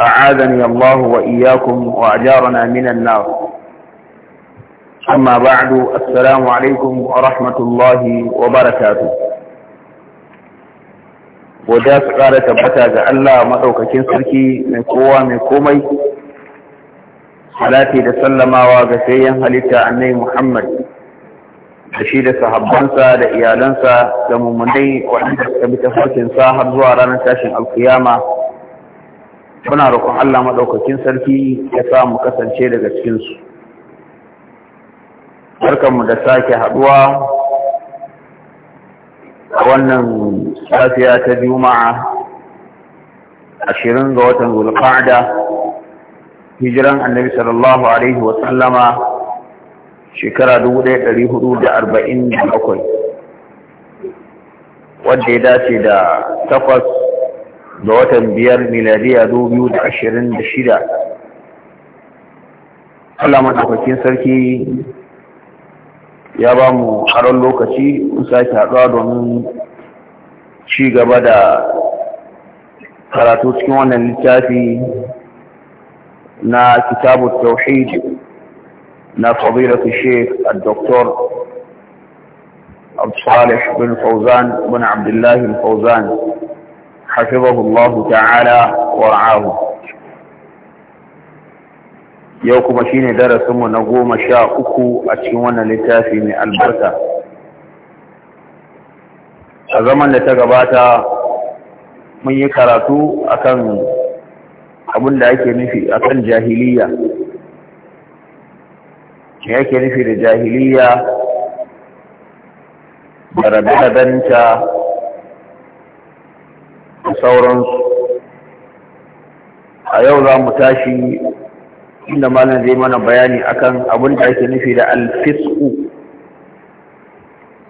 أعاذني الله وإياكم وأجارنا من النار أما بعد السلام عليكم ورحمة الله وبركاته ودا ƙara tabbata ga Allah madaukakin sarki mai kowa mai komai salati da sallamawa ga sayan halitta nai Muhammad da shi da sahabbansa da iyalansa da mummunai waɗanda suka bi tafarkin sa har zuwa ranar tashin alkiyama muna roƙon Allah maɗaukakin sarki ya sa mu kasance daga cikinsu. Barkanmu da sake haɗuwa a wannan safiya ta Juma'a ashirin ga watan Zulfa'ada, hijiran annabi sallallahu Alaihi wasallama shekara bakwai, wadda ya dace da takwas ga watan biyar miladiya dubu da ashirin da shida Allah maɗaukakin sarki ya ba mu haron lokaci in sake haɗuwa domin ci gaba da karatu cikin wannan littafi na kitabu tauhid na fadilatu sheikh a doktor abdulsalih bin fauzan bin abdullahi fauzan حفظه الله تعالى ورعاه yau kuma shi ne darasinmu na goma sha uku a cikin wannan littafi albarka a zaman da ta gabata mun yi karatu akan abin da jahiliya me ake nufi da jahiliya da rabe-rabenta sauransu a yau za mu tashi inda ma zai mana bayani akan abin da ake nufi da alfisku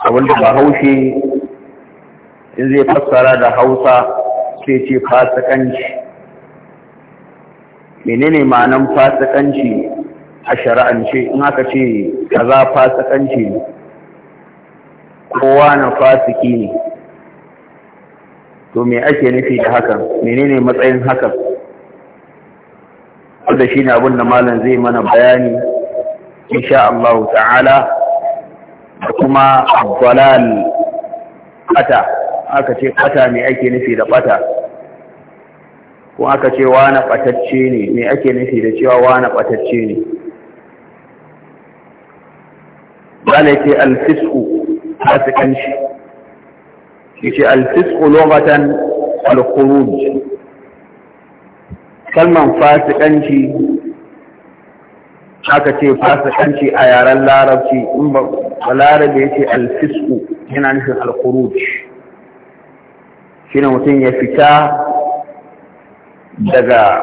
abin da bahaushe in zai fassara da hausa sai ce fasikanci menene ma'anan fasikanci a shari'ance in aka ce kaza fasikanci kowa na fasiki ne to me ake nufi da hakan menene matsayin hakan wanda shine abin da malam zai mana bayani insha Allah ta'ala da kuma dalal ata aka ce ƙata, me ake nufi da ƙata? ko aka ce wani batacce ne me ake nufi da cewa wani batacce ne malai ce alfisku fasikanci yace al-fisqu lughatan al-khuruj kalman fasikanci aka ce fasikanci a yaren larabci in ba larabe yace al-fisqu yana nufin al-khuruj shine mutum ya fita daga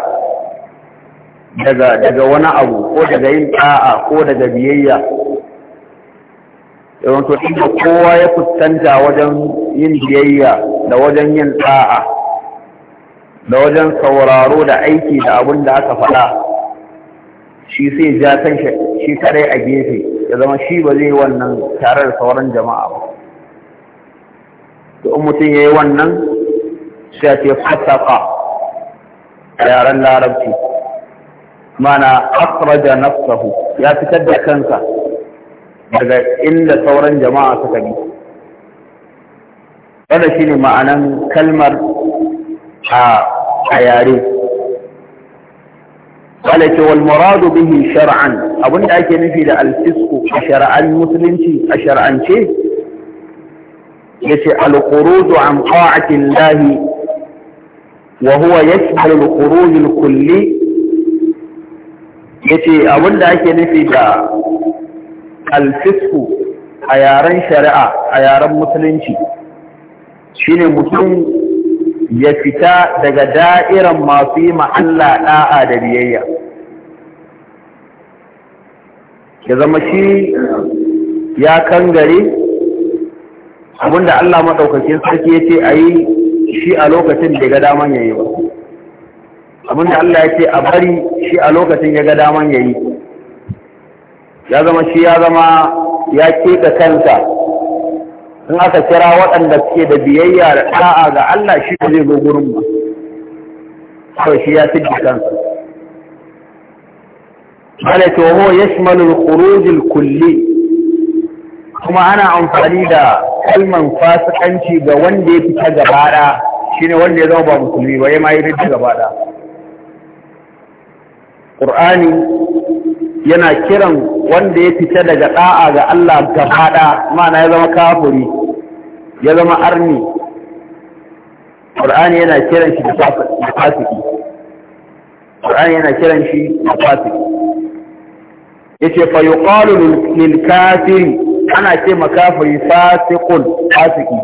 daga daga wani abu ko daga yin ta'a ko daga biyayya yawan to inda kowa ya fuskanta wajen yin biyayya da wajen yin ta'a da wajen sauraro da aiki da abin da aka faɗa shi sai ja kan shi kadai a gefe ya zama shi ba zai wannan tare da sauran jama'a ba to in mutum ya yi wannan sai ce fasaka yaren larabci mana akraja nafsahu ya fitar da kansa daga inda sauran jama'a suka bi wannan shine ma'anan kalmar a yare قالت والمراد به شرعا abun da ake nufi da alfisku a shar'an musulunci a shar'ance yace alqurudu an qa'ati Allah wa huwa yashmal alqurud alkulli yace abun da ake nufi da alfisku a yaren shari'a a yaren musulunci shine mutum ya fita daga da'iran masu yi ma'alla ɗa'a da biyayya ya zama shi ya kangare abinda Allah maɗaukaki sarki ya ce a yi shi a lokacin da ga daman yi ba abinda Allah ya ce a bari shi a lokacin ya ga daman yi. ya zama shi ya zama ya keɓe kansa in aka kira waɗanda suke da biyayya da ɗa'a ga Allah shi zai zo gurin mu shi ya fi kansa bala to ho yashmalu al-khuruj al-kulli kuma ana amfani da kalman fasikanci ga wanda ya fita gaba ɗaya shine wanda ya zama ba musulmi ba ya ma yi fita gaba ɗaya Qur'ani yana kiran wanda ya fita daga da'a ga Allah gabaɗa ma'ana ya zama kafuri ya zama arni Qur'ani yana kiran shi da fasiki Qur'ani yana kiran shi da fasiki yace fa yuqalu lil kafir ana ce makafiri fasiqun fasiki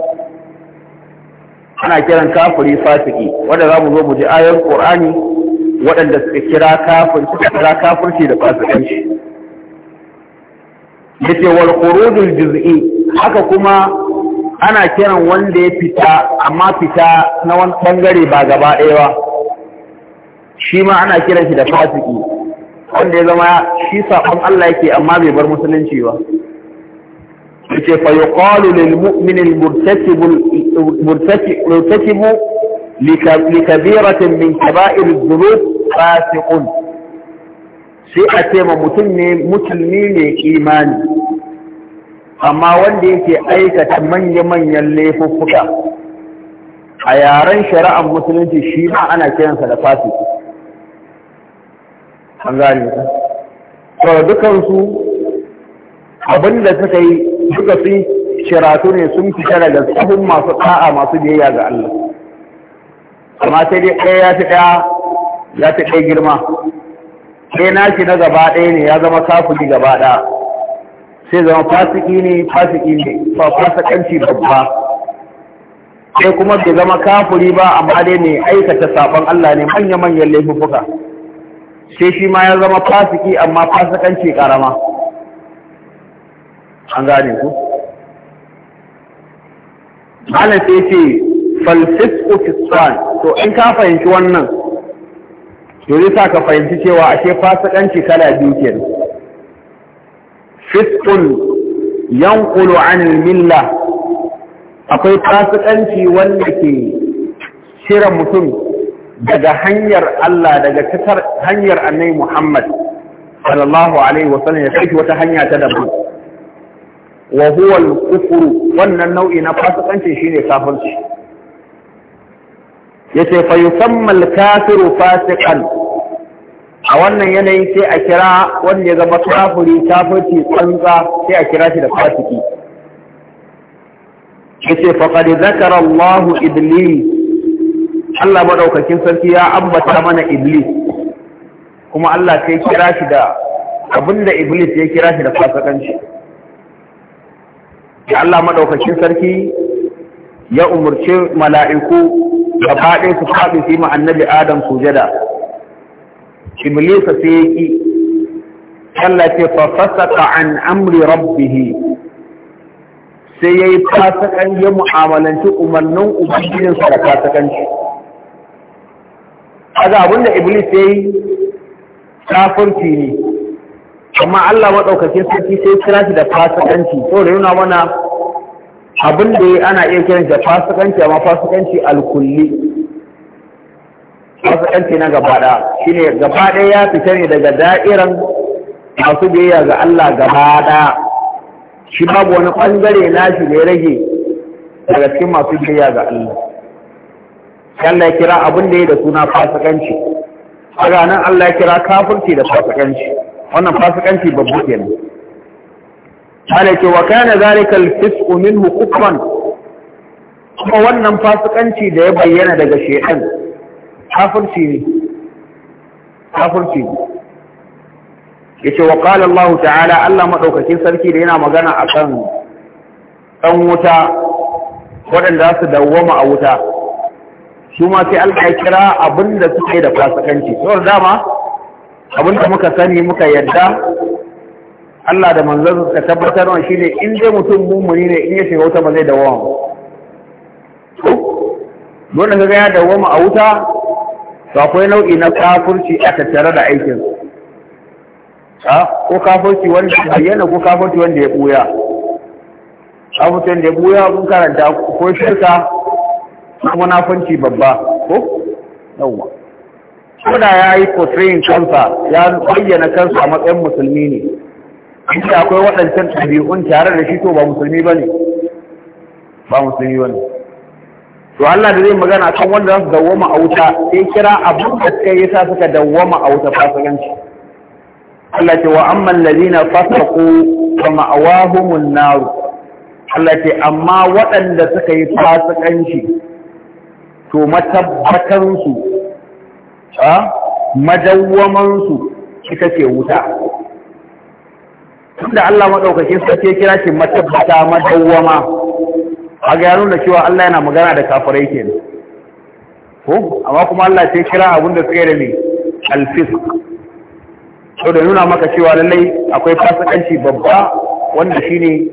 ana kiran kafiri fasiki wanda zamu zo mu ji ayoyin Qur'ani waɗanda suka kira kafin suka kira kafirci da fasikanci yace wal khurujul juz'i haka kuma ana kiran wanda ya fita amma fita na wani bangare ba gaba ɗaya ba shi ma ana kiran shi da fasiki wanda ya zama shi saƙon Allah yake amma bai bar musulunci ba yace fa lil mu'minin murtakibu لكبيرة من كبائر الذنوب فاسق sai a ce ma mutum ne musulmi ne imani amma wanda yake aikata manya-manyan laifuffuka a yaren shari'ar musulunci shi ma ana kiransa da fasi an gane ka. sau dukansu abinda suka yi duka sun shiratu ne sun fita daga tsohon masu ƙa'a masu biyayya ga Allah amma sai dai ɗaya ya fi ɗaya ya fi ɗaya girma ɗaya shi na gaba ɗaya ne ya zama kafuli gaba ɗaya sai zama fasiki ne fasiki ne ba fasikanci babba sai kuma bai zama kafuli ba amma dai ne aikata saɓon Allah ne manya-manyan laifuffuka sai shi ma ya zama fasiki amma fasikanci ƙarama. an gane ku malam sai ce falsifku fi to in ka fahimci wannan to sa ka fahimci cewa ashe fasikanci kala biyu ke fiskun yankulu an milla akwai fasikanci wanda ke cire mutum daga hanyar Allah daga kasar hanyar annai Muhammad sallallahu alaihi wasallam ya kai wata hanya ta daban wa huwa wannan nau'i na fasikanci shine kafirci yace fa al kafiru fasiqan a wannan yanayin sai a kira wanda ya zama kafiri kafirci tsantsa sai a kira shi da fasiki yace fa qad zakara Allah iblis Allah madaukakin sarki ya ambata mana iblis kuma Allah sai kira shi da abinda iblis ya kira shi da fasikanci Allah madaukakin sarki ya umurce mala'iku gaba ɗaya su faɗi su yi ma annabi adam sujada iblisa sai ya ƙi Allah ce fa fasaka an amri rabbihi sai ya yi fasakan ya mu'amalanci umarnin ubangijinsa da fasakanci kaga abinda iblis ya yi kafirci ne amma Allah maɗaukakin sarki sai kira shi da fasakanci to da nuna mana abin da ya ana iya kiran shi fasikanci amma fasikanci alkulli fasikanci na gaba ɗaya shine gaba ɗaya ya fita ne daga da'iran masu biyayya ga Allah gaba ɗaya shi babu wani ɓangare na da ya rage daga cikin masu biyayya ga Allah Allah ya kira abin da ya da suna fasikanci a ranar Allah ya kira kafirci da fasikanci wannan fasikanci babu kenan malaka wa kana zalika al-fisqu minhu kufran kuma wannan fasikanci da ya bayyana daga shaytan kafirci ne kafirci ne yace wa qala Allah ta'ala Allah madaukakin sarki da yana magana akan dan wuta waɗanda su dawwama a wuta su ma sai Allah ya kira abinda suke da fasikanci saboda dama abinda muka sani muka yadda Allah da manzon suka tabbatar wa shine in dai mutum mumuni ne in ya shiga wuta ba zai dawoma dole ka ga ya dawoma a wuta to akwai nau'i na kafurci a tattare da aikin ko kafurci wanda ya bayyana ko kafurci wanda ya buya kafurcin da ya buya mun karanta ko shirka na munafunci babba ko yawwa ko da ya yi portraying kansa ya bayyana kansa a matsayin musulmi ne inda akwai waɗancan ɗabi'un tare da shi to ba musulmi ba ne ba musulmi ba ne to Allah da zai magana kan wanda za su dawwama a wuta sai kira abin da suka yi sa suka dawwama a wuta fasikanci Allah ce wa amman ladina fasaqu fa ma'awahumun nar Allah ce amma waɗanda suka yi fasikanci to matabbatan su a madawwaman su kika ce wuta da Allah madaukakin sarki ya kira shi matabbata madawwama a ga nuna cewa Allah yana magana da kafirai ne ko amma kuma Allah sai kira abin da suke da ne alfisq to da nuna maka cewa lallai akwai fasikanci babba wanda shine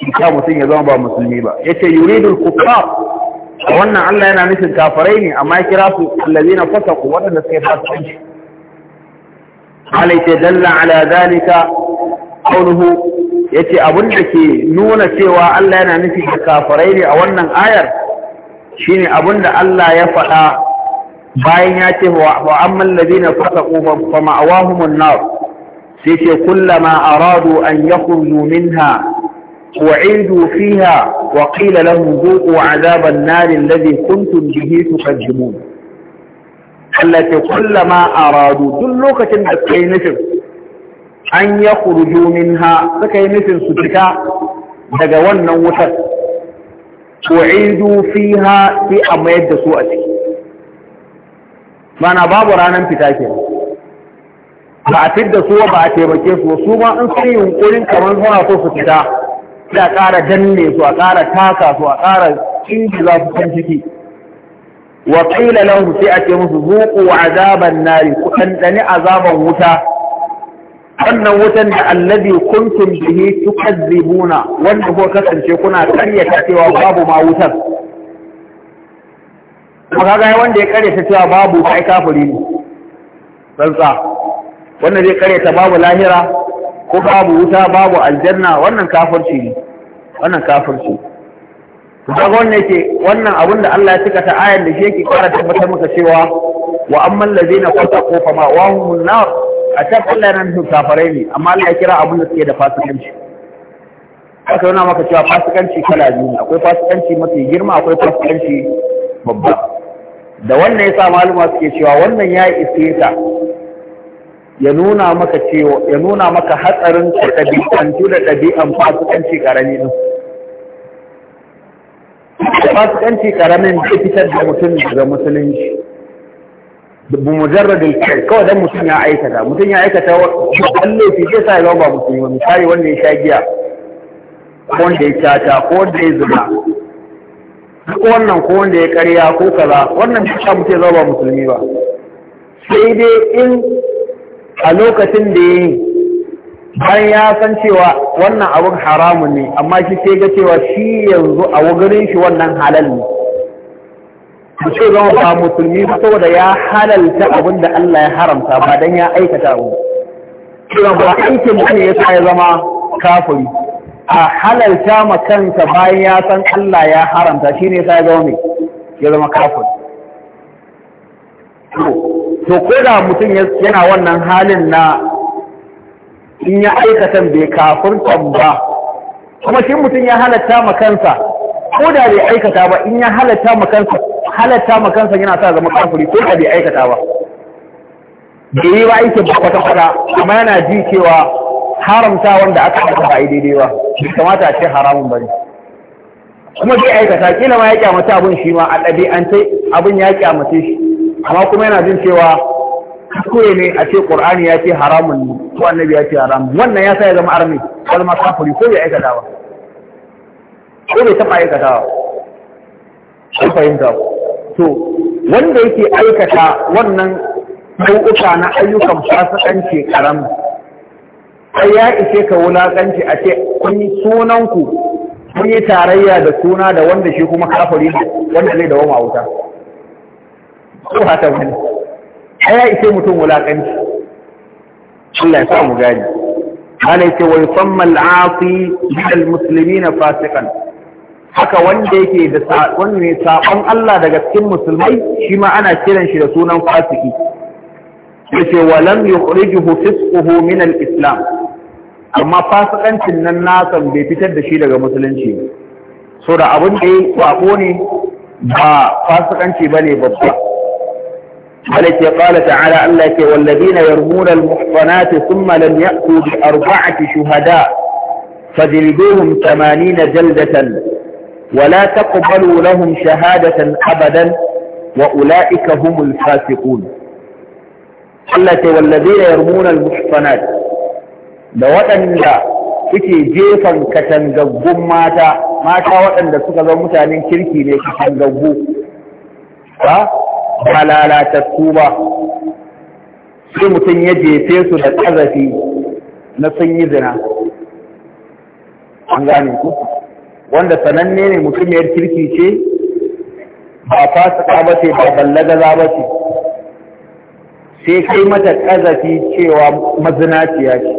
kika mutum ya zama ba musulmi ba Ya ce yuridul kufar wannan Allah yana nufin kafirai ne amma ya kira su allazina fasaqu wanda suke fasikanci alai dalla ala zalika Ya yace abin da ke nuna cewa Allah yana nufi da kafirai ne a wannan ayar shine abin da Allah ya faɗa bayan ya ce wa amman ladina fasaqu a wahumun nar sai ce kullama aradu an yakhruju minha u'idu fiha wa qila lahum dhuqu 'adaban nar alladhi kuntum bihi tukadzibun Allah ce kullama aradu duk lokacin da kai nufin an ya kurju ha, suka yi nufin su fita daga wannan wutar tu'idu ha sai a mayar da su a ciki mana babu ranar fita ke ba a fidda su ba a taimake su su ma in sun yi yunkurin kamar suna so su fita da ƙara danne su a ƙara taka su a ƙara inji za su kan ciki wa ƙila lahum sai a ce musu zuqu azaban nari ku ɗanɗani azaban wuta wannan wutan da allazi kuntum bihi tukazzibuna wanda ko kasance kuna karyata cewa babu ma wutar kuma ga wanda ya karyata cewa babu kai kafiri ne tsantsa wanda zai karyata babu lahira ko babu wuta babu aljanna wannan kafirci ne wannan kafirci to kaga wannan yake wannan abin da Allah ya cika ta ayar da shi yake karanta tabbatar maka cewa wa amman ladina fasaqu fa ma'awahum an-nar a can Allah yana nufin kafarai ne amma Allah ya kira abin da suke da fasikanci aka yana maka cewa fasikanci kala biyu ne akwai fasikanci mafi girma akwai fasikanci babba da wannan yasa maluma suke cewa wannan ya yi ta ya nuna maka cewa ya nuna maka hatsarin ɗabi'antu da ɗabi'an fasikanci karami din fasikanci karamin zai fitar da mutum daga musulunci dan الفعل ya دم متن يا ايكتا متن يا ايكتا fi في sai يا بابا ba, misali wanda ya sha giya ko wanda ya tata ko wanda ya zuba ko wannan ko wanda ya karya ko kaza wannan duk sha mutum ya ba musulmi ba sai dai in a lokacin da ya yi bayan ya san cewa wannan abin haramun ne amma shi sai ga cewa shi yanzu a wurin shi wannan halal ne ce zama ba musulmi ba saboda ya halalta abin da Allah ya haramta ba don ya aikata abu cewa ba aikin ne ya sa ya zama kafuri. a halalta ma kansa bayan ya san Allah ya haramta shi ne sa ya zama mai ya zama kafuri. to ko da mutum yana wannan halin na in ya aikatan bai kafurtan ba kuma shi mutum ya halatta ma kansa ko da bai aikata ba in ya halatta makansa halatta makansa yana sa zama kafiri ko da bai aikata ba bai yi ba aikin ba kwata kwata amma yana ji cewa haramta wanda aka aikata ba daidai ba bai kamata a ce haramun bane kuma bai aikata kila ma ya kyamata abin shi ma a ɗabi'ance abin ya kyamace shi amma kuma yana jin cewa kuskure ne a ce Qur'ani ya ce haramun ne ko annabi ya ce haramun wannan ya sa ya zama armi kalma kafiri ko bai aikata ba ko bai taɓa aikatawa shi fahimta to wanda yake aikata wannan nau'uka na ayyukan fasikanci karam sai ya ishe ka wulakanci a ce kun yi sunanku kun yi tarayya da suna da wanda shi kuma kafiri wanda zai dawo wuta ko haka wani sai ya ishe mutum wulakanci Allah ya sa mu gani Allah yake wa yi al-aasi min al na fasiqan haka wanda yake da wanda mai saƙon Allah daga cikin musulmai shi ma ana kiran shi da sunan fasiki yace walam yukhrijuhu fisquhu min al-islam amma fasikancin nan nasan bai fitar da shi daga musulunci so da abun da ya kwako ne ba fasikanci bane babba ولك قال تعالى أنك والذين يرمون المحصنات ثم لم يأتوا بأربعة شهداء فجلدوهم ثمانين جلدة ولا تقبلوا لهم شهادة أبدا وأولئك هم الفاسقون التي والذين يرمون المحصنات لوطن لا suke jefan katangaggun mata mata waɗanda suka zama mutanen kirki ne katangaggu ba ba lalatattu ba sai mutum ya jefe su da ƙazafi na sun yi zina an gane ku wanda sananne ne mutumiyar kirki ce ba fasika ba ce ba ballagaza ba ce sai kai mata ƙazafi cewa mazinaciya ce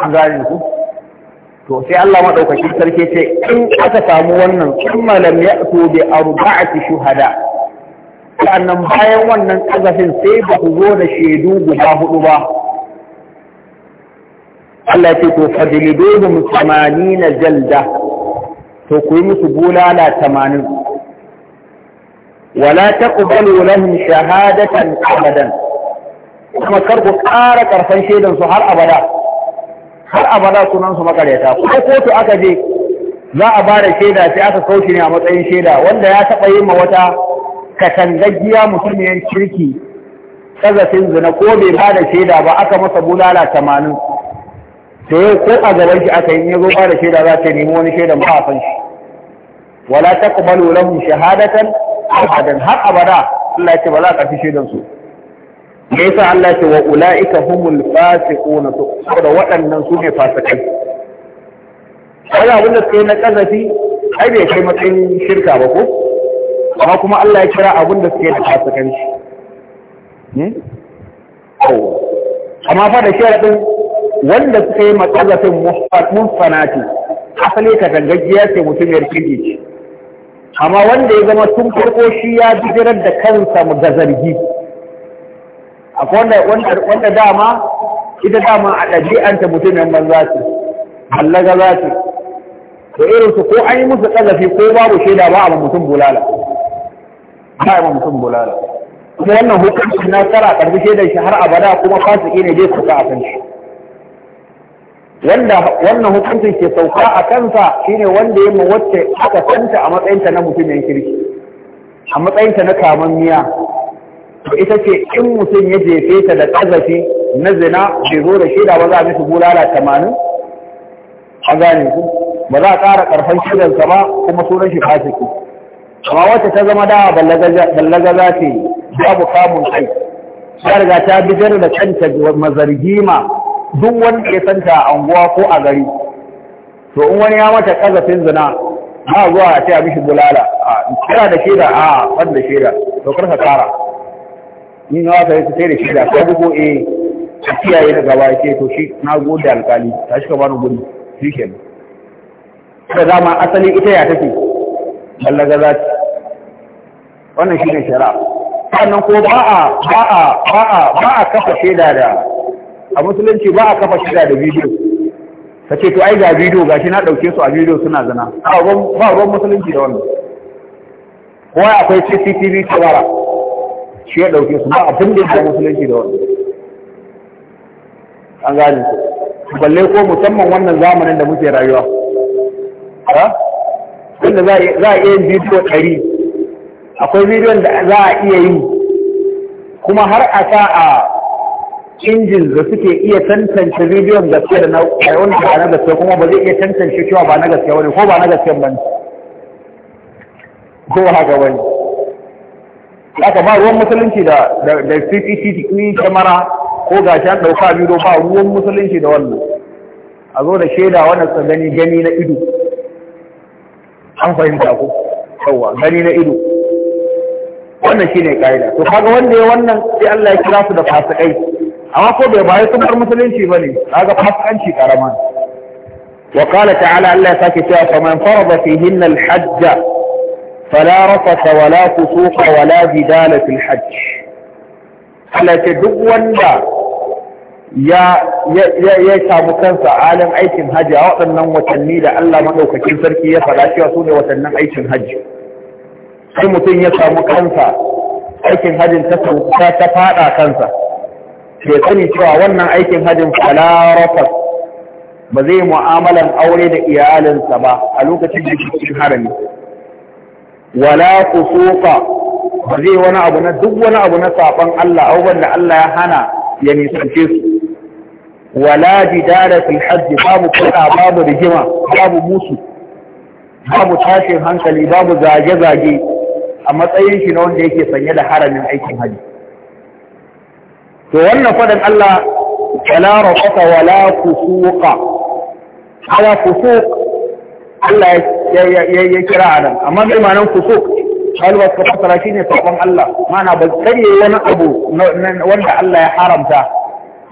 an gane ku to sai Allah madaukakin sarki ce in aka samu wannan kuma lam ba bi arba'ati shuhada sannan bayan wannan ƙazafin sai ba ku zo da shaidu guda hudu ba Allah ce to fadliduhum 80 jalda to ku yi musu bulala 80 wala taqbalu lahum shahadatan abadan kuma kar ku ƙara ƙarfan shaidan su har abada har abada sunan su makareta kuma kotu aka je za a ba da shaida sai aka kauce ne a matsayin shaida wanda ya taɓa yi ma wata katangaggiya musulmiyar kirki kazafin zina ko bai ba da shaida ba aka masa bulala tamanin to yau ko a gaban shi aka yi ne zo da shaida za ta nemi wani shaidan ba a san shi wala lura mu shahadatan abadan har abada Allah ya ce ba za ka fi shaidan su me yasa Allah ya ce wa ulaika humul fasiqun saboda waɗannan su ne fasikai wani abin da suka yi na ƙazafi ai bai kai matsayin shirka ba ko amma kuma Allah ya kira abin da suka yi da fasikanci hmm? amma fa da sharaɗin wanda suka yi matsazafin munfanati asali ta ya ce mutum ya rikidi ce amma wanda ya zama tun farko shi ya bijirar da kansa ga zargi akwai wanda dama ita dama a ɗabi'anta mutumin banza ce ballaga za ce to su ko an yi musu tsagafi ko babu shaida ba a mutum bulala ba a mutum bulala kuma wannan hukunci na tsara ƙarfi shaidar shi har abada kuma fasiki ne zai kuka a kan shi wanda wannan hukuncin ke sauka a kansa shine wanda ya wacce aka santa a matsayinta na mutumin kirki a matsayinta na kaman miya to ita ce in mutum ya jefe ta da ƙazafi na zina bai zo da shaida ba za a mishi bulala tamanin a gane ku ba za a ƙara ƙarfan shaidansa ba kuma sunan shi fasiki amma wacce ta zama dawa ballaga za ta yi babu kamun kai ta riga ta bijar da kanta mazargima duk wani ke santa a unguwa ko a gari to in wani ya mata kazafin zina ba zuwa a ce a mishi bulala a kira da shaida a ban da shaida to karka kara ni na wata yake sai da shaida ko duko eh a kiyaye da gaba ce to shi na gode alkali ta shi ka bani guri shi ke da dama asali ita ya take ballaga za ta wannan shi ne shari'a sannan ko ba a ba a ba a ba a kafa shaida da a musulunci ba a kafa shiga da bidiyo Ta ce to ai ga bidiyo gashi na ɗauke su a bidiyo suna zina ba ruwan musulunci da wannan Kuwa akwai cctv tabara shi ya ɗauke su ba abin da ya musulunci da wannan an gane su balle ko musamman wannan zamanin da muke rayuwa ha wanda za a iya yin bidiyo ɗari akwai bidiyon da za a iya yi kuma har a sa a injin da suke iya tantance bidiyon gaske da na wani da na gaske kuma ba zai iya tantance cewa ba na gaske wani ko ba na gaske ba ne ko haka wani aka ba ruwan musulunci da da ni kamera ko gashi an dauka bidiyo ba ruwan musulunci da wannan a zo da shaida wannan sa gani gani na ido an fahimta ko yawa gani na ido wannan shine kaida to kaga wanda ya wannan sai Allah ya kira su da fasikai amma ko bai bai sun bar musulunci bane kaga fasikanci karama wa qala ta'ala Allah ya sake cewa faman farada fihinna al-hajj fala rafata wala fusuqa wala jidala fil hajj Allah ce duk wanda ya ya samu kansa alim aikin hajji a waɗannan watanni da Allah madaukakin sarki ya faɗa cewa su ne watannin aikin hajji sai mutum ya samu kansa aikin hajjin ta ta faɗa kansa ke sani cewa wannan aikin hajjin falarafas ba zai mu'amalan aure da iyalinsa ba a lokacin da harami wala kusuka ba zai wani abu na duk wani abu na saɓan Allah abubuwan da Allah ya hana ya nisance su wala jidala fil hajji babu kuɗa babu rigima babu musu babu tashin hankali babu zage-zage a matsayin shi na wanda yake sanye da haramin aikin hajji to wannan faɗin Allah wala rafata wala fusuqa ala fusuq Allah ya kira adam amma mai ma'anar fusuq kalwa ta shine sabon Allah mana ba kare wani abu wanda Allah ya haramta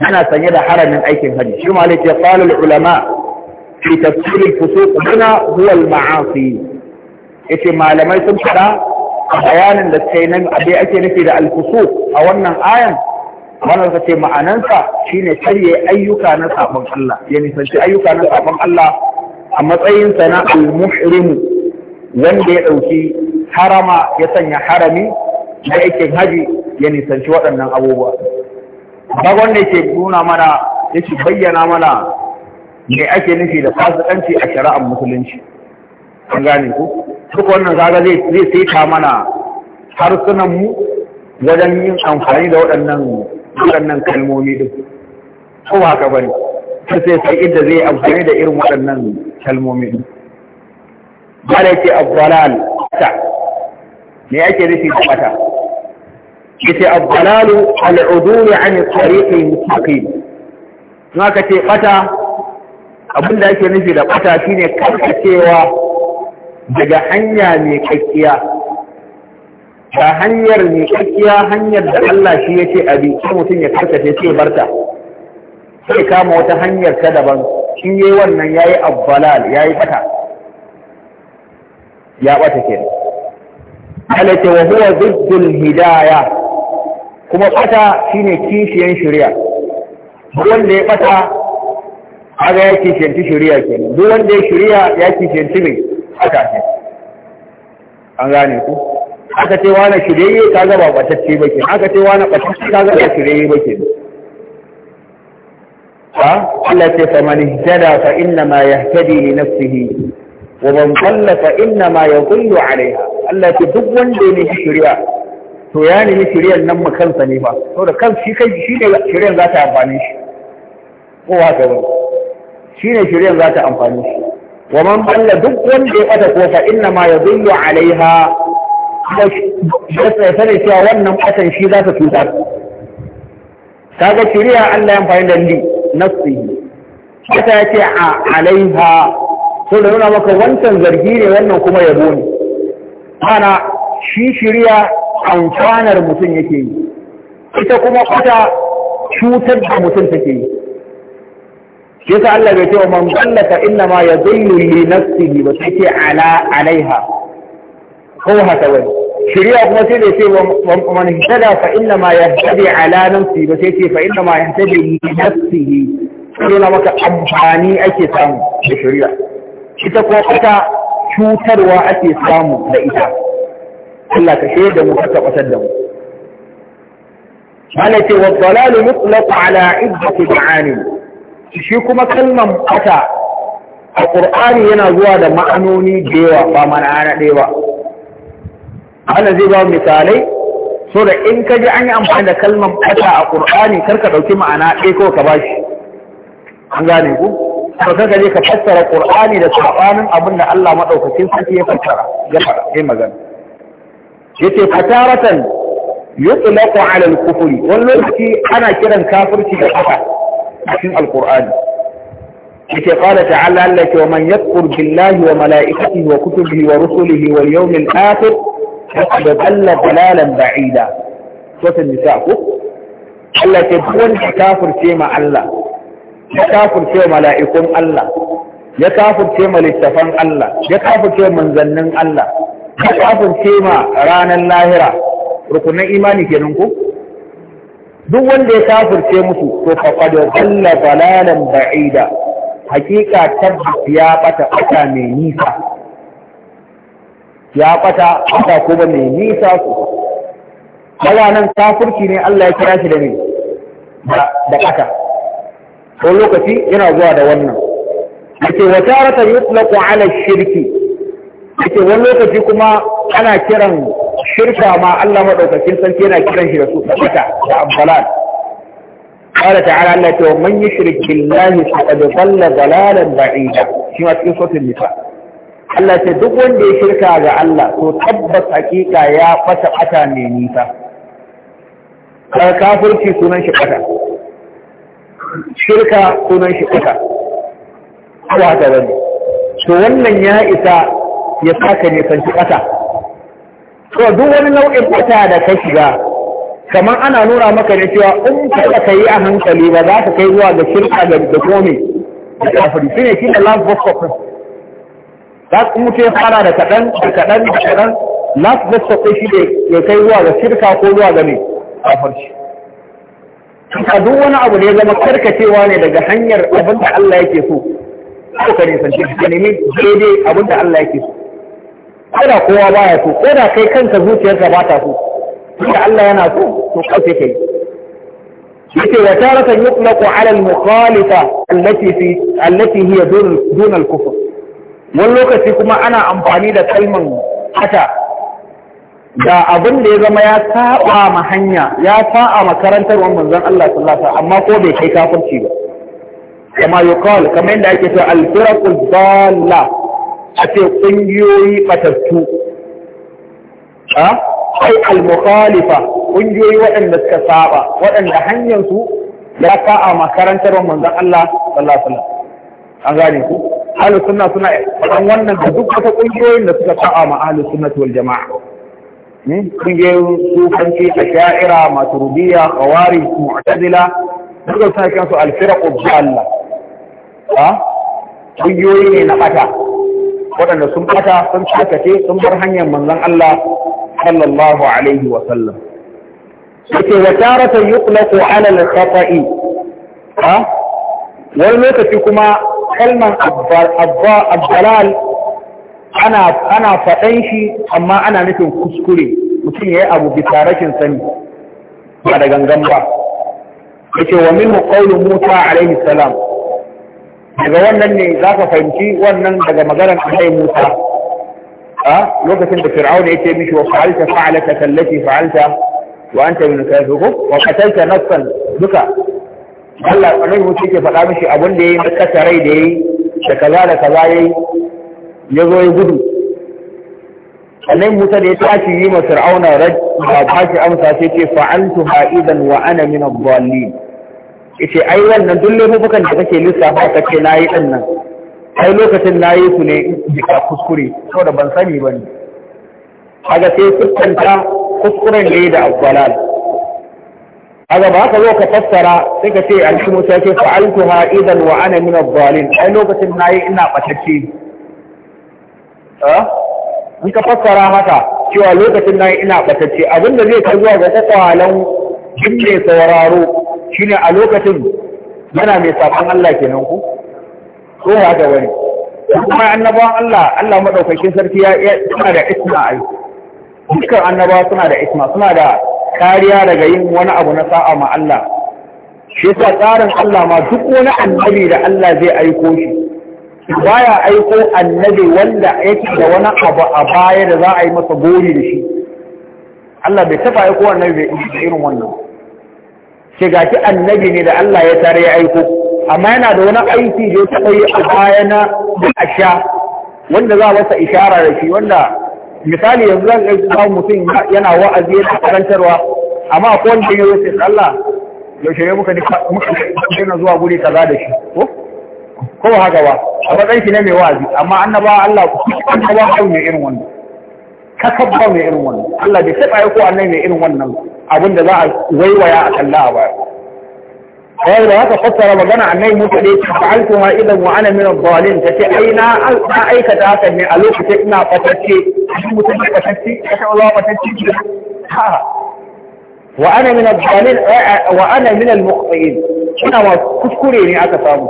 ana sanye da haramin aikin hajji shi malik ya qala ulama fi tafsir al fusuq huna huwa al ma'asi yace malamai sun fada a bayanin da kai nan abe ake nufi da al fusuq a wannan ayan wannan ka ce ma'anansa shine karye ayyuka na sabon Allah ya nisanci ayyuka na sabon Allah a matsayin sana al-muhrimu wanda ya ɗauki harama ya sanya harami na aikin haji ya nisanci waɗannan abubuwa bagon ne ke nuna mana ya ci bayyana mana me ake nufi da fasikanci a shari'ar musulunci an gane ku duk wannan zaga zai zai saita mana harsunan mu wajen yin amfani da waɗannan waɗannan kalmomi ɗin ko ba haka bane sai sai inda zai amfani da irin waɗannan kalmomi ɗin. ba da yake abdalal ta me yake nufi da mata yace abdalalu al'udul an tariqi mustaqim naka ce ɓata, bata abinda yake nufi da ɓata shine karkacewa daga hanya mai kakkiya ga hanyar ne kakkiya hanyar da Allah shi ya ce abi sai mutum ya karkace sai barta sai kama wata hanyar ta daban shi yayi wannan yayi abbalal yayi bata ya bata ke Allah wa huwa ziddul hidaya kuma bata shine kishiyan shari'a duk wanda ya bata kaga ya kishiyanci shari'a kenan duk wanda ya shari'a ya kishiyanci mai bata kenan an gane ku aka ce wani shirye ka gaba ba batacce ba ke aka ce wani batacce ka gaba ba shirye ba ke ha Allah ce fa man ihtada fa inna ma yahtadi li nafsihi wa man dhalla fa inna ma yadhillu alaiha Allah ce duk wanda ne shirya to ya ne shiryan nan mu kansa ne ba saboda kan shi kai shi ne shiryan za ta amfani shi ko haka ba shi ne shiryan za ta amfani shi wa man dhalla duk wanda ya bata ko fa inna ma yadhillu alaiha ya sani cewa wannan ɓatan shi za ta cutar kaga shirya Allah ya amfani da li nafsihi ita ya ce a alaiha so da nuna maka wancan zargi ne wannan kuma yabo ne ana shi shari'a amfanar mutum yake yi ita kuma kwata cutar da mutum take yi shi yasa Allah bai ce wa man ballaka inna ma yadullu li nafsihi ba sai ce ala alaiha ko haka wani shirya kuma sai da ce wa man ihtada fa inna ma yahtadi ala nafsi ba sai ce fa inna ma yahtadi li nafsihi sai na maka amfani ake samu da shirya ita kuma ita cutarwa ake samu da ita Allah ka shaida mu ka tabbatar da mu malaka wa dalalu mutlaq ala iddati ma'ani shi kuma kalman ata a Qur'ani yana zuwa da ma'anoni da yawa ba ma'ana ɗaya ba wannan zai ba misalai so da in ka ji an yi amfani da kalmar bata a ƙur'ani kar ka ɗauki ma'ana ɗaya ko ka bashi an gane ku to kar ka je ka fassara ƙur'ani da saɓanin abin da Allah maɗaukacin sarki ya fassara ya faɗa ya magana yace fataratan yutlaqu ala al-kufr wani lokaci ana kiran kafirci da haka a cikin alƙur'ani yake qala ta'ala allaka wa man yakfur billahi wa mala'ikatihi wa kutubihi wa rusulihi wal yawmil akhir da dalla dalalan ba'ida sotan nisa ku? Allah ce duk wanda kafurce ma Allah ya kafirce mala'ikun Allah ya kafurce ma littafan Allah ya kafirce manzannin Allah ya kafurce ma ranar lahira rukunan imani kenan ku duk wanda ya kafurce musu to faqad dalla dalalan ba'ida hakika tabbas ya bata bata mai nisa ya kwata haka kuma mai nisa su daga nan kafirci ne Allah ya kira shi da ne da kata ko lokaci yana zuwa da wannan yake wa tarata yutlaqu ala shirki yake wani lokaci kuma ana kiran shirka ma Allah madaukakin sarki yana kiran shi da su kata da abbalan قال تعالى الله ومن يشرك بالله فقد ضل ضلالا بعيدا شنو في سوره النساء Allah ce duk wanda ya shirka ga Allah to tabbas hakika ya fata fata ne nisa kafirci sunan shi fata shirka sunan shi fata Allah ta bane to wannan ya isa ya saka ne san shi fata to duk wani nau'in fata da ka shiga kamar ana nura maka ne cewa in ka ka yi a hankali ba za ka kai zuwa ga shirka ga da da shi Allah ba za su mutu ya fara da kaɗan da kaɗan da kaɗan na su zasta kai shi da ya kai zuwa ga shirka ko zuwa ga ne a farci a duk wani abu da ya zama karkacewa ne daga hanyar abin da Allah yake so ko ka nisanci ka nemi daidai abin da Allah yake so ko da kowa baya so ko da kai kanka zuciyarka ba ta so da Allah yana so to kai kai yake wa taratan yutlaqu ala al-mukhalifa allati fi allati hiya dun al-kufr wani lokaci kuma ana amfani da kalman hata da abin da ya zama ya saba ma hanya ya saba makarantar wani manzon Allah sallallahu amma ko bai kai kafirci ba kama yuqal kamar yadda ake cewa al-firaqul dalla ake kungiyoyi batattu a kai al-mukhalifa kungiyoyi waɗanda suka saba waɗanda hanyar su ya sa'a makarantar manzon Allah sallallahu alaihi wasallam an gane ku ahlus sunna suna faɗan wannan da duk wata ƙungiyoyin da suka ta'a ma ahlus sunna wal jama'a hmm? ƙungiyoyin sufanci asha'ira maturidiyya qawari mu'tazila duka suna kansu alfiraqu dhalla Allah. ƙungiyoyi ne na ɓata, waɗanda sun ɓata sun tsakace sun bar hanyar manzon Allah sallallahu alaihi wa sallam yake wa taratan yuqlaqu ala al-khata'i ha wani lokaci kuma kalman abdalal ana faɗan shi amma ana nufin kuskure mutum ya yi abu bisa rashin sani ba da gangan ba ya ce wa min muƙaunin musa alaihi salam daga wannan ne za ka fahimci wannan daga magaran alaihi musa a lokacin da fir'auna ya ce mishi wa fa'alta fa'alata tallafi fa'alta wa anta min kafiru wa qatalta nafsan duka Allah tsanar mutu yake faɗa mishi abin da ya yi rai da ya yi da kaza da kaza ya ya zo ya gudu sannan musa da ya tashi yi ma fir'auna raj ba ta amsa sai ce fa'antu ha'idan wa ana min ad-dallin yace ai wannan duk laifukan da kake lissafa kace nayi din nan ai lokacin nayi ku ne bisa kuskure saboda ban sani bane kaga sai kuskanta kuskuren da yi da abdalal A ba ka zo ka fassara sai ka ce alhimu sai ce ha idan wa ana min adh-dhalin ai lokacin nayi ina batacce eh in ka fassara haka cewa lokacin nayi ina batacce abinda zai kai zuwa ga tsawalan jinne sauraro shine a lokacin yana mai sakon Allah kenan ku ko ga wani kuma annabawan Allah Allah madaukakin sarki ya suna da isma ai dukkan annabawa suna da isma suna da kariya daga yin wani abu na sa'a ma Allah shi yasa tsarin Allah ma duk wani annabi da Allah zai aiko shi baya aiko annabi wanda yake da wani abu a baya da za a yi masa gori da shi Allah bai taba aiko annabi bai irin wannan shi gashi annabi ne da Allah ya tare ya aiko amma yana da wani aiki da ya taba yi a baya na da asha wanda za a masa ishara da shi wanda misali yanzu zan ɗauki samun mutum yana wa'azi yana karantarwa amma ko wanda ya yi Allah yaushe ne muka dina zuwa guri kaza da shi ko ko ba haka ba a matsayin shi ne mai wa'azi amma annaba Allah ku annaba kawai mai irin wannan ka kabba mai irin wannan Allah bai taɓa yi ko annai mai irin wannan abin da za a waiwaya a kalla a baya kawai da haka fassara magana annai mutu ne ta fa'altu ha idan wa ana min ad-dhalin tace ai na aikata haka ne a lokacin ina fatacce Wa'ana mutum min al-dalil wa min al-muqtiin ina ma kuskure ne aka samu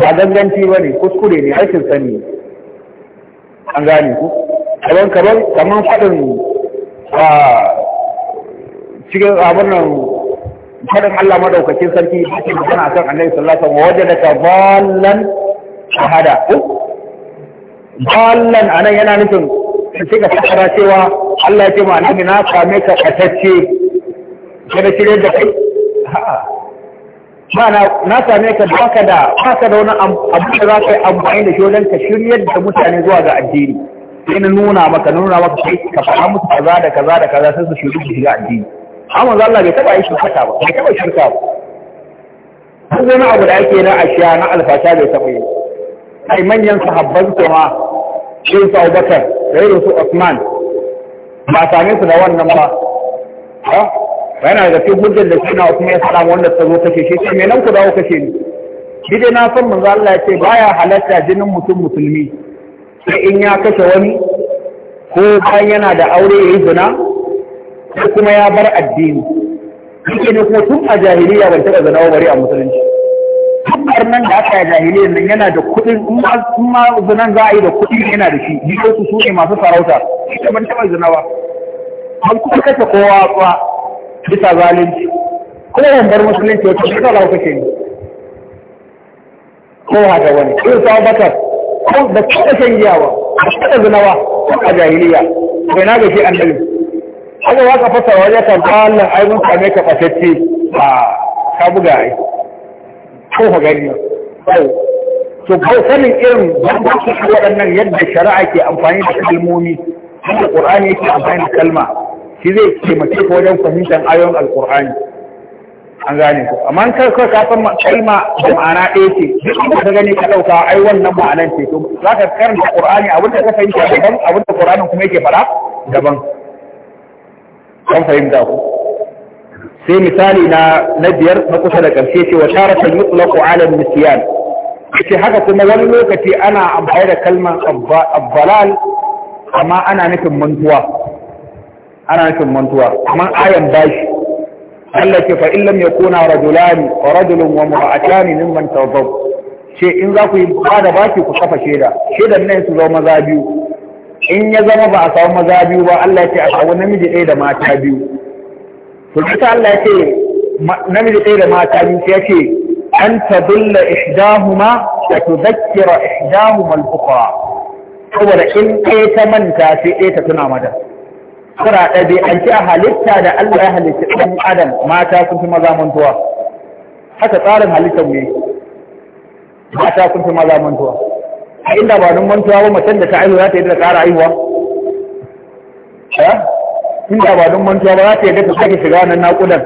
ba ganganci bane kuskure ne rashin sani an gane ku kaman kaman kaman fadin a cikin abin nan fadin Allah madaukakin sarki yake magana akan Annabi sallallahu alaihi wasallam wajadaka dhallan shahada ko dhallan anan yana nufin sai ka tsara cewa Allah ya ce ma annabi na same ka katacce kada shirye da kai ba na same ka baka da baka da wani abu da za ka yi amfani da shi wajen ka shirye da mutane zuwa ga addini sai na nuna maka nuna maka sai ka faɗa musu kaza da kaza da kaza sai su shirye da shiga addini amma Allah bai taba yi shirka ba bai taba shirka ba duk wani abu da ake na ashiya na alfasha bai taba yi ai manyan sahabban kuma, ma sai su Abubakar irin su Osman ba same su da wannan ba ba yana da cikin hujjar da na wasu mai faɗa wanda ta zo kashe shi me nan ku dawo kashe ni shi dai na san manzo Allah ce baya halatta jinin mutum musulmi sai in ya kashe wani ko bayan yana da aure yayi zina ko kuma ya bar addini shi ne tun a jahiliya ban taɓa zina bari a musulunci tabbar nan da aka yi jahiliyar nan yana da kuɗin in ma zinan za a yi da kuɗi yana da shi jikinsu su ne masu sarauta shi ta ban taɓa zina ba an kuma kashe kowa ba bisa zalunci kuma yan bar musulunci wata shi kala kake ne ko haka wani in sa bakar ko da kada shan giyawa a zina ba, ba a jahiliya bai na gashi annabi haka waka fasa wajen kan Allah ai mun same ka fatacce a ka buga ai ko ka gani to ko sanin irin bambancin waɗannan yadda shari'a ke amfani da kalmomi yadda ƙurani yake amfani da kalma shi zai taimake ka wajen fahimtar ayoyin alqur'ani an gane ku amma kar ka ka san kalma da ma'ana ɗaya ce duk inda ka gani ka ɗauka ai wannan ma'anan ce to za ka karanta Al-ƙur'ani qur'ani abinda ka fahimta daban abinda qur'anin kuma yake faɗa daban kan fahimta ku sai misali na na biyar na kusa da ƙarshe ce wa sharatan yutlaqu ala nisyan ce haka kuma wani lokaci ana amfani da kalmar abbalal amma ana nufin mantuwa ana nufin mantuwa amma ayan bashi Allah ce fa illam yakuna rajulan wa rajulun wa mar'atan mimman tawfaq ce in za ku yi ba da baki ku kafa sheda shedan nan su zama maza biyu in ya zama ba a samu maza biyu ba Allah ya ce a samu namiji ɗaya da mata biyu to duka Allah ya ce namiji ɗaya da mata biyu ya ce an tadulla ihdahuma ta tuzakkira ihdahuma al-ukhra saboda in ɗaya ta manta sai ɗaya ta tuna mata sura ɗabi an ci a halitta da Allah ya halitta ɗan adam mata sun fi maza mantuwa haka tsarin halittar ne mata sun fi maza mantuwa a inda ba nan mantuwa ba macen da ta aihu za ta yi da ƙara aihuwa da ba don mantuwa ba za ta yadda ta sake shiga wannan naƙudan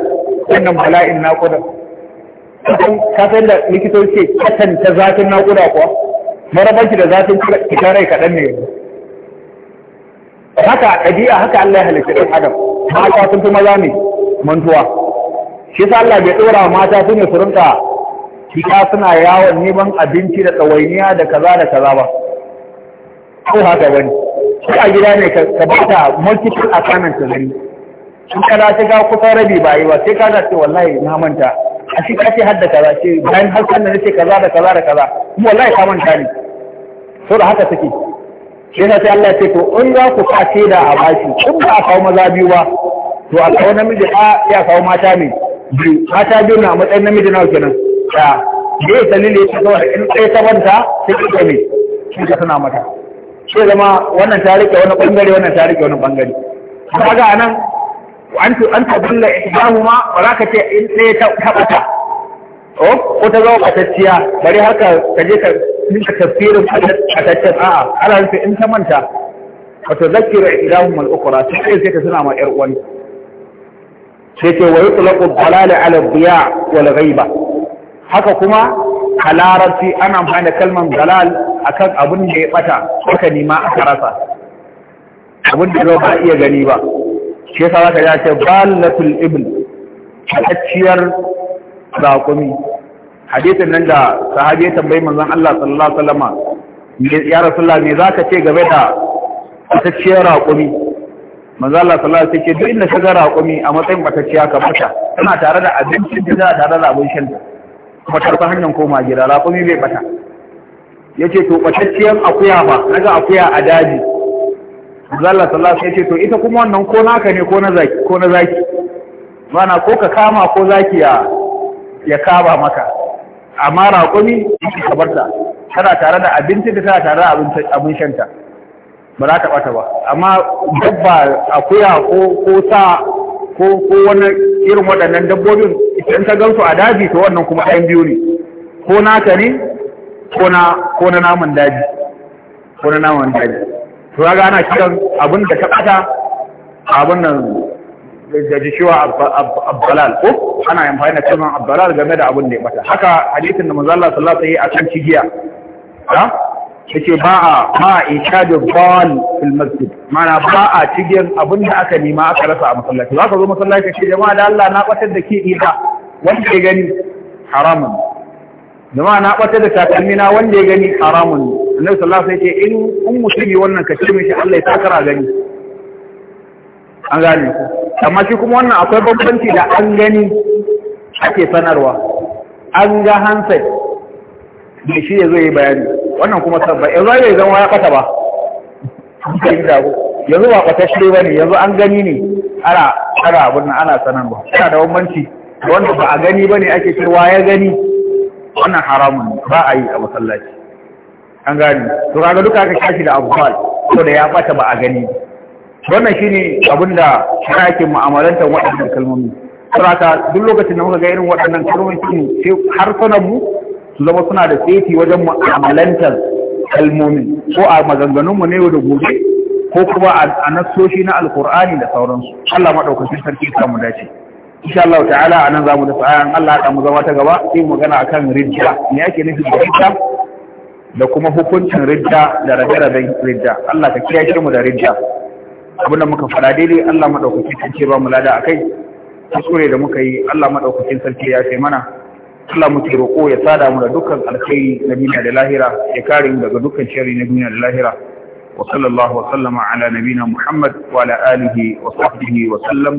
wannan bala'in naƙudan ka san da likitoci ce ta zafin naƙuda kuwa marabanci da zafin ita rai kaɗan ne haka a ɗabi'a haka Allah ya halitta ɗan adam mata sun fi maza ne mantuwa shi sa Allah bai ɗora mata sun yi su rinka shiga suna yawon neman abinci da tsawainiya da kaza da kaza ba ko haka bane ko gida ne ka bata multiple assignments ta gani in ka da ga kusan rabi ba yi ba sai ka da ce wallahi na manta a shi ka ce har da kaza ce bayan har sannan ce kaza da kaza da kaza mu wallahi ka manta ne da haka take sai na sai Allah ya ce to in za ku sa da a bashi in ba a kawo maza biyu ba to a kawo namiji a ya kawo mata ne biyu mata biyu na matsayin namiji nawa kenan da ne dalili ya ce kawai in ɗaya ta banta sai ita ne shi ka suna mata sai zama wannan ta rike wani bangare wannan ta rike wani bangare kaga anan an to an tabbilla ma wa za ce in sai ta tabata oh ko ta zama batacciya bari haka ka je ka ninka tafsirin bataccen a'a ala nufi in ta manta wato zakiru ihdahuma al-ukhra sai sai ka suna ma yar uwan sai ce wa yutlaqu dalala ala diya wal ghaiba haka kuma a ana amfani da kalmar a kan abin da ya bata haka ne ma aka rasa abin da ba iya gani ba shi yasa zaka ga ce balatul ibn halacciyar raƙumi hadisin nan da sahabi ya tambayi manzon Allah sallallahu alaihi wasallam ya rasulullah me zaka ce game da halacciyar raƙumi manzo Allah sallallahu alaihi wasallam duk inda ka raƙumi a matsayin batacciya ka bata tana tare da abincin da tare da abin shan ta. matar ta hanyar koma gida raƙumi bai bata ya ce to ɓatacciyar akuya ba na ga akuya a daji zalla sallasa ya ce to ita kuma wannan ko naka ne ko na zaki mana ko ka kama ko zaki ya kaba maka amma raƙumi ka barta tana tare da abinci da tana tare da abin shanta ba za ta bata ba amma dabba akuya ko sa ko wani irin waɗannan dabbobin in ka gansu a daji to wannan kuma ɗayan biyu ne ko naka ne ko na naman daji ko na naman daji to ga ana kiran abin da ta ɓata abin nan da ji cewa abbalal ko ana amfani da kalmar abbalal game da abin da ya ɓata haka hadisin da manzo Allah sallallahu alaihi wasallam akan cigiya Ta yake ba a ba a ishadu bal fil masjid mana ba a cikin abin da aka nema aka rasa a masallaci za ka zo masallaci ce jama'a da Allah na ɓatar da ke ita wanda ya gani haramun jama'a na ɓata da takalmi na wanda ya gani haramun annabi sallallahu alaihi ya ce in kun musulmi wannan ka ce shi, Allah ya takara gani an gane amma shi kuma wannan akwai bambanci da an gani ake sanarwa an ga hansai da shi ya zo yi bayani wannan kuma sabba yanzu ya zama ya ɓata ba yanzu ba ɓata shi ba ne yanzu an gani ne ana ana abin ana sanarwa Ana da bambanci wanda ba a gani ba ne ake cewa ya gani wannan haramun ba a yi a masallaci an gani to kaga duka aka kashi da abu fal da ya bata ba a gani wannan shine abin da shara ake mu'amalantar waɗannan kalmomi saboda duk lokacin da muka ga irin waɗannan kalmomi ne, har sanar mu su zama suna da tsaiti wajen mu'amalantar kalmomi ko a maganganunmu ne yau da gobe ko kuma a nasoshi na alkur'ani da sauransu Allah maɗaukacin sarki samu dace insha Allah ta'ala anan zamu da ayan Allah ya mu zama ta gaba sai mu a akan ridda me yake nufi da ridda da kuma hukuncin ridda da rabe-raben ridda Allah ka kiyaye mu da ridda abin da muka fara daidai Allah madaukakin sarki ba mu lada akai kuskure da muka yi Allah madaukakin sarki ya kai mana Allah muke roƙo ya sada mu da dukkan alkhairi na duniya da lahira ya kare mu daga dukkan sharri na duniya da lahira wa sallallahu ala nabina Muhammad wa ala wa sallam